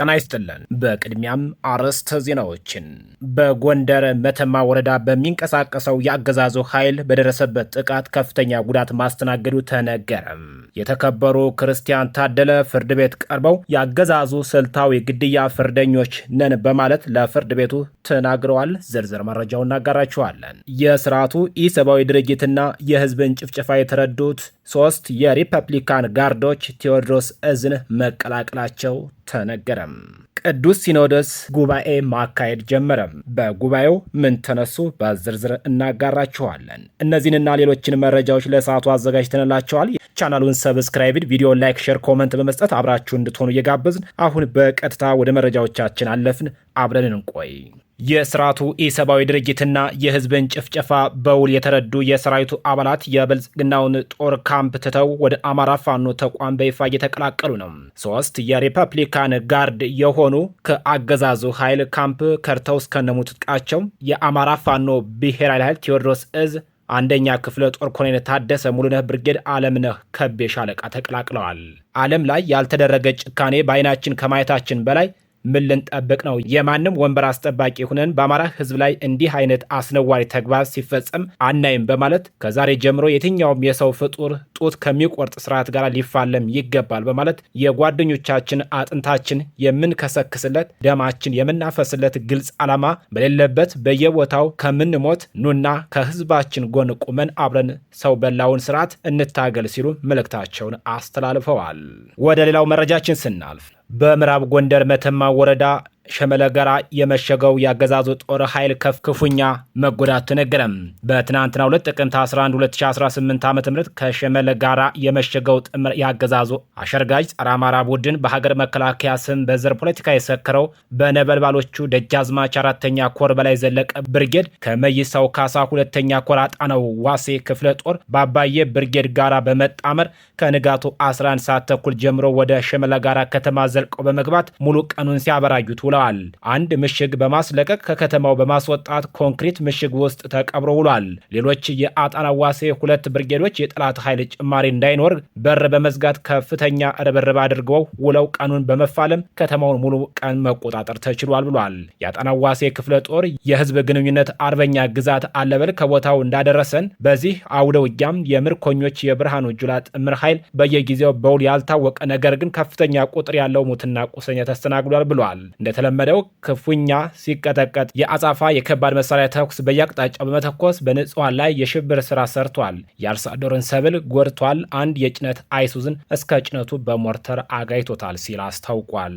ጤና ይስጥልን። በቅድሚያም አርዕስተ ዜናዎችን። በጎንደር መተማ ወረዳ በሚንቀሳቀሰው የአገዛዙ ኃይል በደረሰበት ጥቃት ከፍተኛ ጉዳት ማስተናገዱ ተነገረም። የተከበሩ ክርስቲያን ታደለ ፍርድ ቤት ቀርበው የአገዛዙ ስልታዊ ግድያ ፍርደኞች ነን በማለት ለፍርድ ቤቱ ተናግረዋል። ዝርዝር መረጃው እናጋራችኋለን። የስርዓቱ ኢሰብአዊ ድርጊትና የህዝብን ጭፍጨፋ የተረዱት ሶስት የሪፐብሊካን ጋርዶች ቴዎድሮስ እዝን መቀላቀላቸው ተነገረ። ቅዱስ ሲኖዶስ ጉባኤ ማካሄድ ጀመረም በጉባኤው ምን ተነሱ? በዝርዝር እናጋራችኋለን። እነዚህንና ሌሎችን መረጃዎች ለሰዓቱ አዘጋጅተንላቸዋል። ቻናሉን ሰብስክራይብ፣ ቪዲዮ ላይክ፣ ሼር፣ ኮመንት በመስጠት አብራችሁ እንድትሆኑ እየጋበዝን አሁን በቀጥታ ወደ መረጃዎቻችን አለፍን። አብረን እንቆይ። የስርዓቱ ኢሰብአዊ ድርጊትና የህዝብን ጭፍጨፋ በውል የተረዱ የሰራዊቱ አባላት የብልጽግናውን ጦር ካምፕ ትተው ወደ አማራ ፋኖ ተቋም በይፋ እየተቀላቀሉ ነው። ሶስት የሪፐብሊካን ጋርድ የሆኑ ከአገዛዙ ኃይል ካምፕ ከርተው እስከነሙ ትጥቃቸው የአማራ ፋኖ ብሔራዊ ኃይል ቴዎድሮስ እዝ አንደኛ ክፍለ ጦር ኮሎኔል ታደሰ ሙሉነህ ብርጌድ አለምነህ ከቤ ሻለቃ ተቀላቅለዋል። ዓለም ላይ ያልተደረገ ጭካኔ በአይናችን ከማየታችን በላይ ምን ልንጠብቅ ነው? የማንም ወንበር አስጠባቂ ሁነን በአማራ ህዝብ ላይ እንዲህ አይነት አስነዋሪ ተግባር ሲፈጸም አናይም በማለት ከዛሬ ጀምሮ የትኛውም የሰው ፍጡር ጡት ከሚቆርጥ ስርዓት ጋር ሊፋለም ይገባል በማለት የጓደኞቻችን አጥንታችን የምንከሰክስለት ደማችን የምናፈስለት ግልጽ ዓላማ በሌለበት በየቦታው ከምንሞት ኑና ከህዝባችን ጎን ቁመን አብረን ሰው በላውን ስርዓት እንታገል ሲሉ መልእክታቸውን አስተላልፈዋል። ወደ ሌላው መረጃችን ስናልፍ በምዕራብ ጎንደር መተማ ወረዳ ሸመለ ገራ የመሸገው የአገዛዙ ጦር ኃይል ከፍክፉኛ መጎዳት ተነገረም። በትናንትና ዕለት ጥቅምት 11 2018 ዓ ም ከሸመለ ጋራ የመሸገው ጥምር የአገዛዙ አሸርጋጅ ጸረ አማራ ቡድን በሀገር መከላከያ ስም በዘር ፖለቲካ የሰከረው በነበልባሎቹ ደጃዝማች አራተኛ ኮር በላይ ዘለቀ ብርጌድ ከመይሳው ካሳ ሁለተኛ ኮር አጣነው ዋሴ ክፍለ ጦር በአባዬ ብርጌድ ጋራ በመጣመር ከንጋቱ 11 ሰዓት ተኩል ጀምሮ ወደ ሸመለ ጋራ ከተማ ዘልቀው በመግባት ሙሉ ቀኑን ሲያበራዩት ውለዋል። ብለዋል። አንድ ምሽግ በማስለቀቅ ከከተማው በማስወጣት ኮንክሪት ምሽግ ውስጥ ተቀብሮ ውሏል። ሌሎች የአጣናዋሴ ሁለት ብርጌዶች የጠላት ኃይል ጭማሪ እንዳይኖር በር በመዝጋት ከፍተኛ ርብርብ አድርገው ውለው ቀኑን በመፋለም ከተማውን ሙሉ ቀን መቆጣጠር ተችሏል ብሏል። ዋሴ ክፍለ ጦር የህዝብ ግንኙነት አርበኛ ግዛት አለበል ከቦታው እንዳደረሰን በዚህ አውደ ውጊያም የምርኮኞች የብርሃኑ ጁላ ጥምር ኃይል በየጊዜው በውል ያልታወቀ ነገር ግን ከፍተኛ ቁጥር ያለው ሙትና ቁሰኛ ተስተናግዷል ብሏል። እንደተለመደው ክፉኛ ሲቀጠቀጥ የአጻፋ የከባድ መሳሪያ ተኩስ በየአቅጣጫው በመተኮስ በንጹሐን ላይ የሽብር ስራ ሰርቷል። የአርሶ አደሩን ሰብል ጎድቷል። አንድ የጭነት አይሱዝን እስከ ጭነቱ በሞርተር አጋይቶታል ሲል አስታውቋል።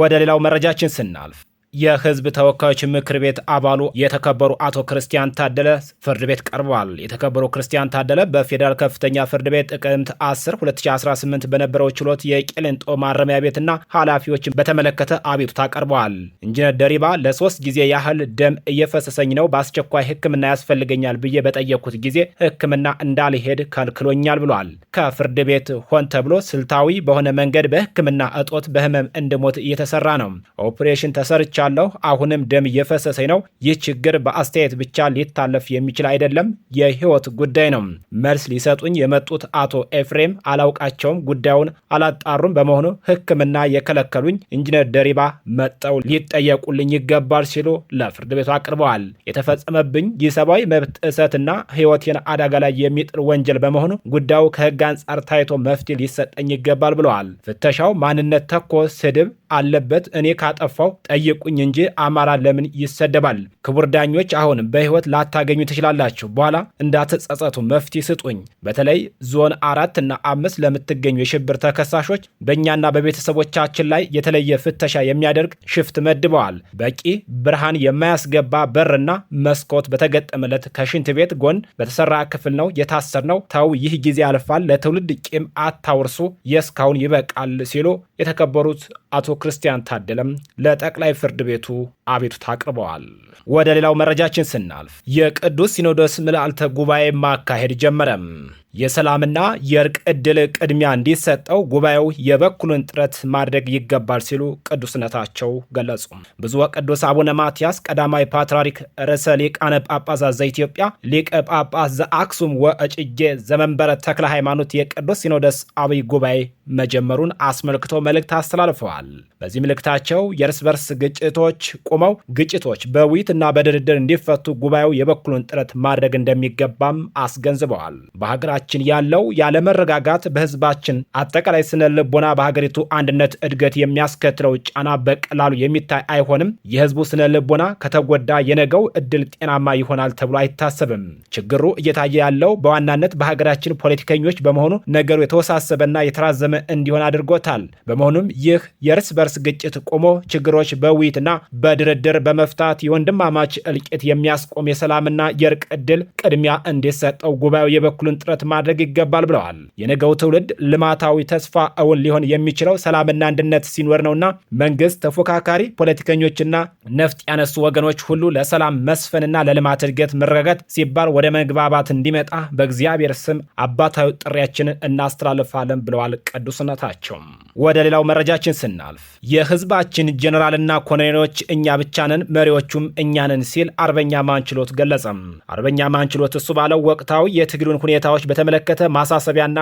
ወደ ሌላው መረጃችን ስናልፍ የህዝብ ተወካዮች ምክር ቤት አባሉ የተከበሩ አቶ ክርስቲያን ታደለ ፍርድ ቤት ቀርበዋል። የተከበሩ ክርስቲያን ታደለ በፌዴራል ከፍተኛ ፍርድ ቤት ጥቅምት 10 2018 በነበረው ችሎት የቄሌንጦ ማረሚያ ቤትና ኃላፊዎችን በተመለከተ አቤቱታ ቀርበዋል። ኢንጂነር ደሪባ ለሶስት ጊዜ ያህል ደም እየፈሰሰኝ ነው፣ በአስቸኳይ ህክምና ያስፈልገኛል ብዬ በጠየቅኩት ጊዜ ሕክምና እንዳልሄድ ከልክሎኛል ብሏል። ከፍርድ ቤት ሆን ተብሎ ስልታዊ በሆነ መንገድ በሕክምና እጦት በህመም እንድሞት እየተሰራ ነው። ኦፕሬሽን ተሰርቻ ቆይቻለሁ። አሁንም ደም እየፈሰሰኝ ነው። ይህ ችግር በአስተያየት ብቻ ሊታለፍ የሚችል አይደለም፣ የህይወት ጉዳይ ነው። መልስ ሊሰጡኝ የመጡት አቶ ኤፍሬም አላውቃቸውም፣ ጉዳዩን አላጣሩም። በመሆኑ ህክምና የከለከሉኝ ኢንጂነር ደሪባ መጠው ሊጠየቁልኝ ይገባል ሲሉ ለፍርድ ቤቱ አቅርበዋል። የተፈጸመብኝ የሰብአዊ መብት ጥሰትና ህይወቴን አደጋ ላይ የሚጥል ወንጀል በመሆኑ ጉዳዩ ከህግ አንጻር ታይቶ መፍትሄ ሊሰጠኝ ይገባል ብለዋል። ፍተሻው ማንነት ተኮር ስድብ አለበት። እኔ ካጠፋው ጠይቁኝ ይስጡኝ እንጂ አማራ ለምን ይሰደባል? ክቡር ዳኞች አሁን በህይወት ላታገኙ ትችላላችሁ፣ በኋላ እንዳትጸጸቱ መፍትሄ ስጡኝ። በተለይ ዞን አራት እና አምስት ለምትገኙ የሽብር ተከሳሾች በእኛና በቤተሰቦቻችን ላይ የተለየ ፍተሻ የሚያደርግ ሽፍት መድበዋል። በቂ ብርሃን የማያስገባ በርና መስኮት በተገጠመለት ከሽንት ቤት ጎን በተሰራ ክፍል ነው የታሰር ነው። ተው፣ ይህ ጊዜ ያልፋል። ለትውልድ ቂም አታውርሱ። የእስካሁን ይበቃል ሲሉ የተከበሩት አቶ ክርስቲያን ታደለም ለጠቅላይ ፍርድ ቤቱ አቤቱታ አቅርበዋል። ወደ ሌላው መረጃችን ስናልፍ የቅዱስ ሲኖዶስ ምልአልተ ጉባኤ ማካሄድ ጀመረም። የሰላምና የእርቅ ዕድል ቅድሚያ እንዲሰጠው ጉባኤው የበኩሉን ጥረት ማድረግ ይገባል ሲሉ ቅዱስነታቸው ገለጹ። ብፁዕ ወቅዱስ አቡነ ማትያስ ቀዳማዊ ፓትርያርክ ርዕሰ ሊቃነ ጳጳሳት ዘኢትዮጵያ ሊቀ ጳጳስ ዘአክሱም ወእጨጌ ዘመንበረ ተክለ ሃይማኖት የቅዱስ ሲኖዶስ አብይ ጉባኤ መጀመሩን አስመልክቶ መልእክት አስተላልፈዋል። በዚህ መልእክታቸው የእርስ በርስ ግጭቶች ቁመው ግጭቶች በውይይትና በድርድር እንዲፈቱ ጉባኤው የበኩሉን ጥረት ማድረግ እንደሚገባም አስገንዝበዋል። በሀገራችን ያለው ያለመረጋጋት በህዝባችን አጠቃላይ ስነ ልቦና፣ በሀገሪቱ አንድነት እድገት የሚያስከትለው ጫና በቀላሉ የሚታይ አይሆንም። የህዝቡ ስነ ልቦና ከተጎዳ የነገው እድል ጤናማ ይሆናል ተብሎ አይታሰብም። ችግሩ እየታየ ያለው በዋናነት በሀገራችን ፖለቲከኞች በመሆኑ ነገሩ የተወሳሰበና የተራዘመ ህመም እንዲሆን አድርጎታል። በመሆኑም ይህ የእርስ በርስ ግጭት ቆሞ ችግሮች በውይይትና በድርድር በመፍታት የወንድማማች እልቂት የሚያስቆም የሰላምና የእርቅ እድል ቅድሚያ እንዲሰጠው ጉባኤው የበኩሉን ጥረት ማድረግ ይገባል ብለዋል። የነገው ትውልድ ልማታዊ ተስፋ እውን ሊሆን የሚችለው ሰላምና አንድነት ሲኖር ነውና መንግስት፣ ተፎካካሪ ፖለቲከኞችና ነፍጥ ያነሱ ወገኖች ሁሉ ለሰላም መስፈንና ለልማት እድገት መረጋጋት ሲባል ወደ መግባባት እንዲመጣ በእግዚአብሔር ስም አባታዊ ጥሪያችንን እናስተላልፋለን ብለዋል። ቅዱስነታቸው። ወደ ሌላው መረጃችን ስናልፍ የህዝባችን ጀኔራልና ኮሎኔሎች እኛ ብቻ ነን፣ መሪዎቹም እኛነን ሲል አርበኛ ማንችሎት ገለጸም። አርበኛ ማንችሎት እሱ ባለው ወቅታዊ የትግሉን ሁኔታዎች በተመለከተ ማሳሰቢያና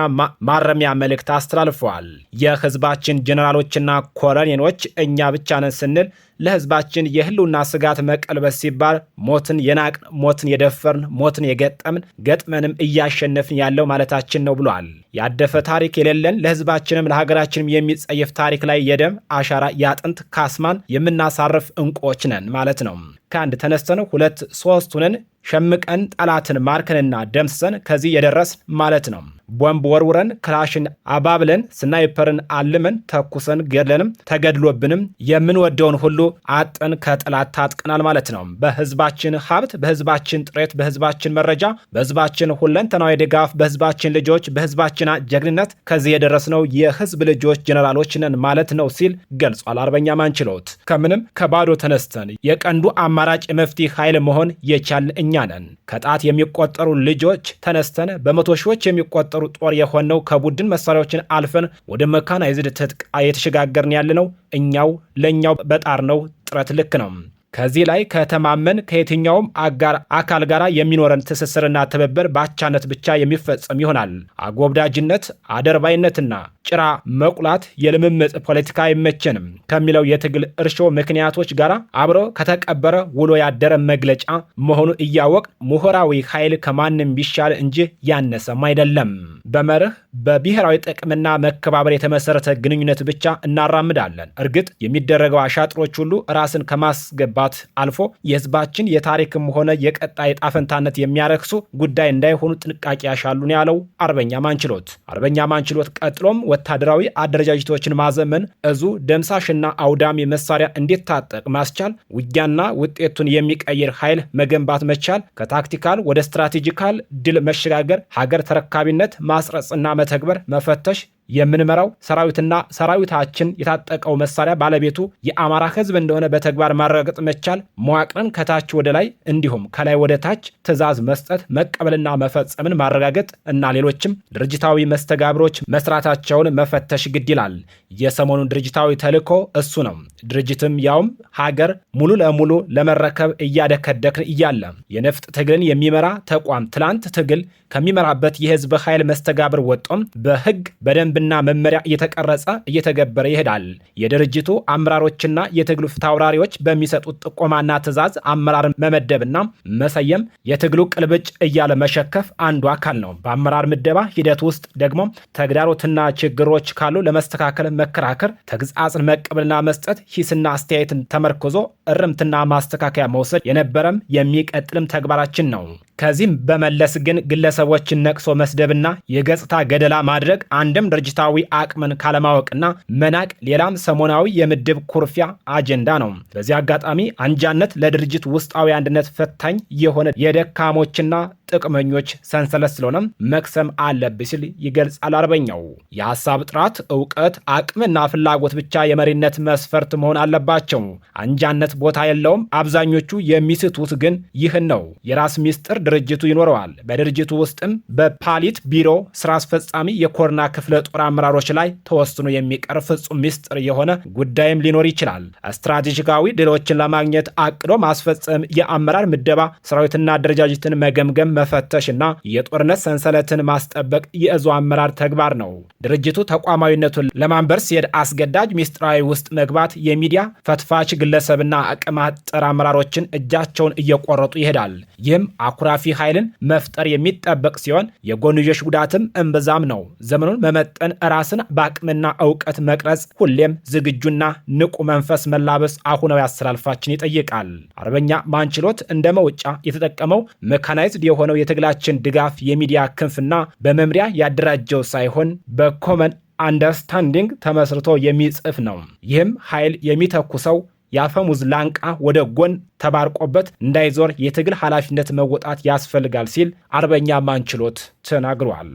ማረሚያ መልእክት አስተላልፈዋል። የህዝባችን ጀኔራሎችና ኮሎኔሎች እኛ ብቻ ነን ስንል ለህዝባችን የህልውና ስጋት መቀልበስ ሲባል ሞትን የናቅን፣ ሞትን የደፈርን፣ ሞትን የገጠምን ገጥመንም እያሸነፍን ያለው ማለታችን ነው ብሏል። ያደፈ ታሪክ የሌለን ለህዝባችንም ለሀገራችንም የሚጸየፍ ታሪክ ላይ የደም አሻራ ያጥንት ካስማን የምናሳርፍ እንቁዎች ነን ማለት ነው። ከአንድ ተነስተን ሁለት ሶስቱንን ሸምቀን ጠላትን ማርከንና ደምስሰን ከዚህ የደረስን ማለት ነው። ቦምብ ወርውረን ክላሽን አባብለን ስናይፐርን አልመን ተኩሰን ገድለንም ተገድሎብንም የምንወደውን ሁሉ አጥን ከጠላት ታጥቀናል ማለት ነው። በህዝባችን ሀብት፣ በህዝባችን ጥረት፣ በህዝባችን መረጃ፣ በህዝባችን ሁለንተናዊ ድጋፍ፣ በህዝባችን ልጆች፣ በህዝባችን ጀግንነት ከዚህ የደረስነው የህዝብ ልጆች ጀኔራሎች ነን ማለት ነው ሲል ገልጿል። አርበኛ ማንችሎት ከምንም ከባዶ ተነስተን የቀንዱ አማራጭ የመፍትሄ ኃይል መሆን የቻልን እኛ ነን። ከጣት የሚቆጠሩ ልጆች ተነስተን በመቶ ሺዎች የሚቆጠሩ ጥሩ ጦር የሆነው ከቡድን መሳሪያዎችን አልፈን ወደ መካናይዝድ ትጥቅ የተሸጋገርን ያለ ነው። እኛው ለእኛው በጣር ነው ጥረት ልክ ነው። ከዚህ ላይ ከተማመን ከየትኛውም አጋር አካል ጋር የሚኖረን ትስስርና ትብብር ባቻነት ብቻ የሚፈጸም ይሆናል። አጎብዳጅነት፣ አደርባይነትና ጭራ መቁላት የልምምጥ ፖለቲካ አይመቸንም ከሚለው የትግል እርሾ ምክንያቶች ጋር አብሮ ከተቀበረ ውሎ ያደረ መግለጫ መሆኑ እያወቅ ምሁራዊ ኃይል ከማንም ቢሻል እንጂ ያነሰም አይደለም። በመርህ በብሔራዊ ጥቅምና መከባበር የተመሰረተ ግንኙነት ብቻ እናራምዳለን። እርግጥ የሚደረገው አሻጥሮች ሁሉ ራስን ከማስገባት አልፎ የህዝባችን የታሪክም ሆነ የቀጣይ ጣፈንታነት የሚያረክሱ ጉዳይ እንዳይሆኑ ጥንቃቄ ያሻሉን ያለው አርበኛ ማንችሎት። አርበኛ ማንችሎት ቀጥሎም ወታደራዊ አደረጃጀቶችን ማዘመን፣ እዙ ደምሳሽና አውዳሚ መሳሪያ እንዲታጠቅ ማስቻል፣ ውጊያና ውጤቱን የሚቀይር ኃይል መገንባት መቻል፣ ከታክቲካል ወደ ስትራቴጂካል ድል መሸጋገር፣ ሀገር ተረካቢነት ማ ማስረጽና መተግበር፣ መፈተሽ የምንመራው ሰራዊትና ሰራዊታችን የታጠቀው መሳሪያ ባለቤቱ የአማራ ህዝብ እንደሆነ በተግባር ማረጋገጥ መቻል፣ መዋቅርን ከታች ወደ ላይ እንዲሁም ከላይ ወደ ታች ትዕዛዝ መስጠት መቀበልና መፈጸምን ማረጋገጥ እና ሌሎችም ድርጅታዊ መስተጋብሮች መስራታቸውን መፈተሽ ግድ ይላል። የሰሞኑን ድርጅታዊ ተልዕኮ እሱ ነው። ድርጅትም ያውም ሀገር ሙሉ ለሙሉ ለመረከብ እያደከደክን እያለ የነፍጥ ትግልን የሚመራ ተቋም ትላንት ትግል ከሚመራበት የህዝብ ኃይል መስተጋብር ወጦም በህግ በደንብ ደንብና መመሪያ እየተቀረጸ እየተገበረ ይሄዳል። የድርጅቱ አመራሮችና የትግሉ ፊት በሚሰጡት ጥቆማና ትዕዛዝ አመራርን መመደብና መሰየም የትግሉ ቅልብጭ እያለ መሸከፍ አንዱ አካል ነው። በአመራር ምደባ ሂደት ውስጥ ደግሞ ተግዳሮትና ችግሮች ካሉ ለመስተካከል መከራከር፣ ተግጻጽን መቀበልና መስጠት፣ ሂስና አስተያየትን ተመርክዞ እርምትና ማስተካከያ መውሰድ የነበረም የሚቀጥልም ተግባራችን ነው። ከዚህም በመለስ ግን ግለሰቦችን ነቅሶ መስደብና የገጽታ ገደላ ማድረግ አንድም ድርጅታዊ አቅምን ካለማወቅና መናቅ፣ ሌላም ሰሞናዊ የምድብ ኩርፊያ አጀንዳ ነው። በዚህ አጋጣሚ አንጃነት ለድርጅት ውስጣዊ አንድነት ፈታኝ የሆነ የደካሞችና ጥቅመኞች ሰንሰለት ስለሆነም መክሰም አለብኝ ሲል ይገልጻል። አርበኛው የሀሳብ ጥራት፣ እውቀት፣ አቅምና ፍላጎት ብቻ የመሪነት መስፈርት መሆን አለባቸው። አንጃነት ቦታ የለውም። አብዛኞቹ የሚስቱት ግን ይህን ነው። የራስ ሚስጥር ድርጅቱ ይኖረዋል። በድርጅቱ ውስጥም በፓሊት ቢሮ ስራ አስፈጻሚ፣ የኮርና ክፍለ ጦር አመራሮች ላይ ተወስኖ የሚቀር ፍጹም ሚስጥር የሆነ ጉዳይም ሊኖር ይችላል። ስትራቴጂካዊ ድሎችን ለማግኘት አቅዶ ማስፈጸም፣ የአመራር ምደባ፣ ሰራዊትና አደረጃጀትን መገምገም መፈተሽና የጦርነት ሰንሰለትን ማስጠበቅ የእዙ አመራር ተግባር ነው። ድርጅቱ ተቋማዊነቱን ለማንበር ሲሄድ አስገዳጅ ሚስጥራዊ ውስጥ መግባት የሚዲያ ፈትፋች ግለሰብና አቅም አጠር አመራሮችን እጃቸውን እየቆረጡ ይሄዳል። ይህም አኩራፊ ኃይልን መፍጠር የሚጠበቅ ሲሆን የጎንዮሽ ጉዳትም እምብዛም ነው። ዘመኑን መመጠን፣ ራስን በአቅምና እውቀት መቅረጽ፣ ሁሌም ዝግጁና ንቁ መንፈስ መላበስ አሁናዊ አሰላልፋችን ይጠይቃል። አርበኛ ማንችሎት እንደ መውጫ የተጠቀመው መካናይዝድ የሆነ የሰጠነው የትግላችን ድጋፍ የሚዲያ ክንፍና በመምሪያ ያደራጀው ሳይሆን በኮመን አንደርስታንዲንግ ተመስርቶ የሚጽፍ ነው። ይህም ኃይል የሚተኩሰው የአፈሙዝ ላንቃ ወደ ጎን ተባርቆበት እንዳይዞር የትግል ኃላፊነት መወጣት ያስፈልጋል ሲል አርበኛ ማንችሎት ተናግሯል።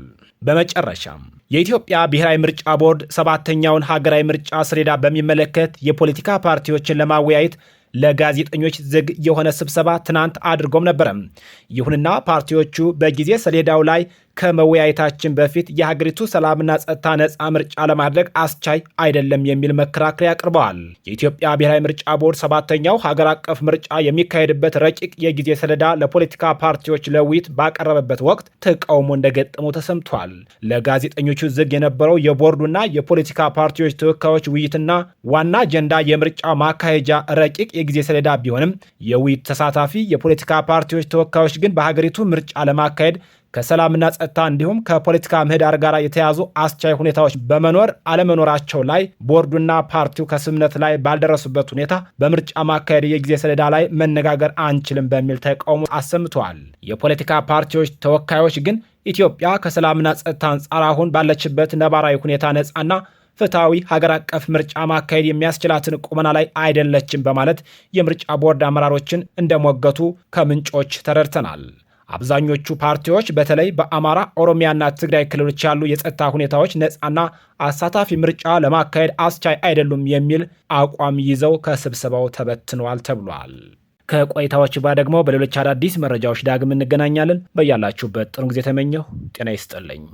በመጨረሻም የኢትዮጵያ ብሔራዊ ምርጫ ቦርድ ሰባተኛውን ሀገራዊ ምርጫ ሰሌዳ በሚመለከት የፖለቲካ ፓርቲዎችን ለማወያየት ለጋዜጠኞች ዝግ የሆነ ስብሰባ ትናንት አድርጎም ነበረ። ይሁንና ፓርቲዎቹ በጊዜ ሰሌዳው ላይ ከመወያየታችን በፊት የሀገሪቱ ሰላምና ጸጥታ ነፃ ምርጫ ለማድረግ አስቻይ አይደለም የሚል መከራከሪያ አቅርበዋል። የኢትዮጵያ ብሔራዊ ምርጫ ቦርድ ሰባተኛው ሀገር አቀፍ ምርጫ የሚካሄድበት ረቂቅ የጊዜ ሰሌዳ ለፖለቲካ ፓርቲዎች ለውይይት ባቀረበበት ወቅት ተቃውሞ እንደገጠመው ተሰምቷል። ለጋዜጠኞቹ ዝግ የነበረው የቦርዱና የፖለቲካ ፓርቲዎች ተወካዮች ውይይትና ዋና አጀንዳ የምርጫ ማካሄጃ ረቂቅ የጊዜ ሰሌዳ ቢሆንም የውይይት ተሳታፊ የፖለቲካ ፓርቲዎች ተወካዮች ግን በሀገሪቱ ምርጫ ለማካሄድ ከሰላምና ጸጥታ እንዲሁም ከፖለቲካ ምህዳር ጋር የተያዙ አስቻይ ሁኔታዎች በመኖር አለመኖራቸው ላይ ቦርዱና ፓርቲው ከስምነት ላይ ባልደረሱበት ሁኔታ በምርጫ ማካሄድ የጊዜ ሰሌዳ ላይ መነጋገር አንችልም በሚል ተቃውሞ አሰምተዋል። የፖለቲካ ፓርቲዎች ተወካዮች ግን ኢትዮጵያ ከሰላምና ጸጥታ አንጻር አሁን ባለችበት ነባራዊ ሁኔታ ነጻና ፍትሐዊ ሀገር አቀፍ ምርጫ ማካሄድ የሚያስችላትን ቁመና ላይ አይደለችም በማለት የምርጫ ቦርድ አመራሮችን እንደሞገቱ ከምንጮች ተረድተናል። አብዛኞቹ ፓርቲዎች በተለይ በአማራ ኦሮሚያና ትግራይ ክልሎች ያሉ የጸጥታ ሁኔታዎች ነፃና አሳታፊ ምርጫ ለማካሄድ አስቻይ አይደሉም የሚል አቋም ይዘው ከስብሰባው ተበትነዋል ተብሏል። ከቆይታዎች ባ ደግሞ በሌሎች አዳዲስ መረጃዎች ዳግም እንገናኛለን። በያላችሁበት ጥሩ ጊዜ ተመኘሁ። ጤና ይስጥልኝ።